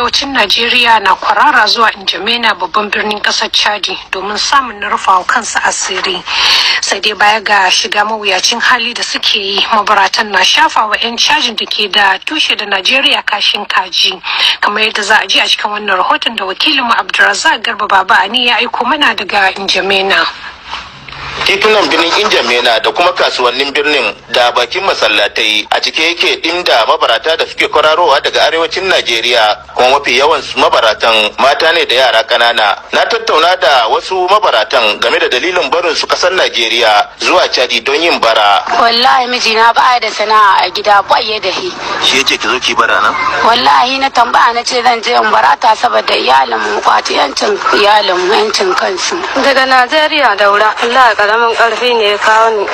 arewacin Najeriya na kwarara zuwa Injamena babban birnin kasar Chadi domin samun na rufawa kansa asiri. Sai dai baya ga shiga mawuyacin hali da suke yi mabaratan na shafa wa 'yan cajin da ke da tushe da Najeriya kashin kaji. Kamar yadda za a ji a cikin wannan rahoton da wakilinmu Abdulrazak Garba Baba Ani ya aiko mana daga Injamena. titunan birnin injamena da kuma kasuwannin birnin da bakin masallatai a cike yake inda mabarata da suke kwararowa daga arewacin najeriya kuma mafi yawan mabaratan mata ne da yara kanana na tattauna da wasu mabaratan game da dalilin barin su kasar najeriya zuwa chadi don yin bara wallahi mijina ba da sana'a a gida ba ya da hi shi yace ki zo ki bara nan wallahi na tambaya na ce zan je in barata saboda iyalin mu kwati yancin iyalin mu yancin kansu daga najeriya daura allah ya min karfi ne ya kawo ni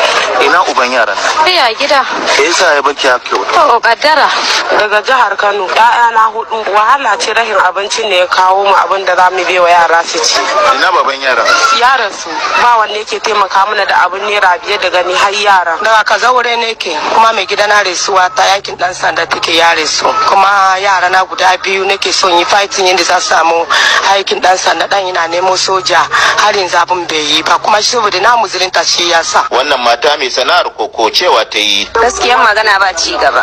ina uban yaran nan iya gida Ke yasa ya baki haka yau to kaddara daga jihar Kano ƴaƴa na hudu wahala ce rahin abinci ne ya kawo mu abin da zamu bai wa yara su ci ina baban yara yaran su ba wanda yake taimaka mana da abin naira biyar daga ni har yara daga kaza wure ne ke kuma mai gida na resuwa ta yakin dan sanda take yare su kuma yara na guda biyu nake son yi fighting yadda za su samu aikin dan sanda dan yana nemo soja har yanzu abin bai yi ba kuma saboda namu musulunta shi ya sa wannan mata mai sana'ar koko cewa ta yi gaskiyar magana ba ci gaba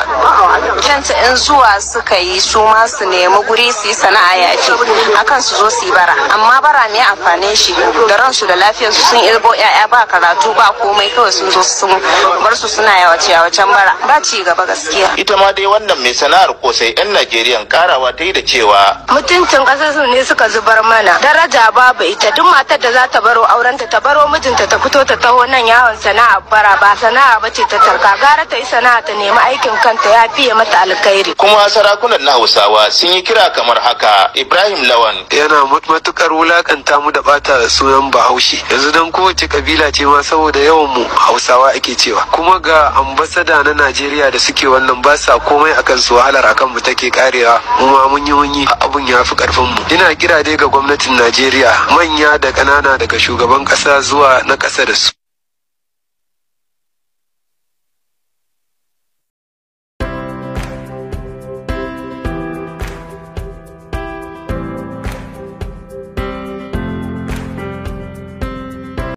kyanta in zuwa suka yi su ma su nemi guri su yi sana'a ya fi akan su zo su yi bara amma bara ne amfanin shi da ransu da lafiyarsu sun ilbo ya'ya ba karatu ba komai kawai sun zo sun bar su suna yawace yawacen bara ba ci gaba gaskiya ita ma dai wannan mai sana'ar sai yan najeriyan karawa ta yi da cewa mutuncin kasar ne suka zubar mana daraja babu ita duk matar da za ta baro aurenta ta baro mijinta ta kuta fito ta taho nan yawon sana'a bara ba sana'a ba ce ta tarka gara ta yi sana'a ta nemi aikin kanta ya fiye mata alkhairi. kuma sarakunan na hausawa sun yi kira kamar haka ibrahim lawan. yana matukar wulakanta mu da bata sunan bahaushe yanzu don kowace kabila ce ma saboda yawan mu hausawa ake cewa kuma ga ambasada na najeriya da suke wannan ba sa komai akan su wahalar akan mu take karewa mu ma mun yi munyi. abun ya fi karfin mu ina kira dai ga gwamnatin najeriya manya da ƙanana daga shugaban ƙasa zuwa na ƙasa that is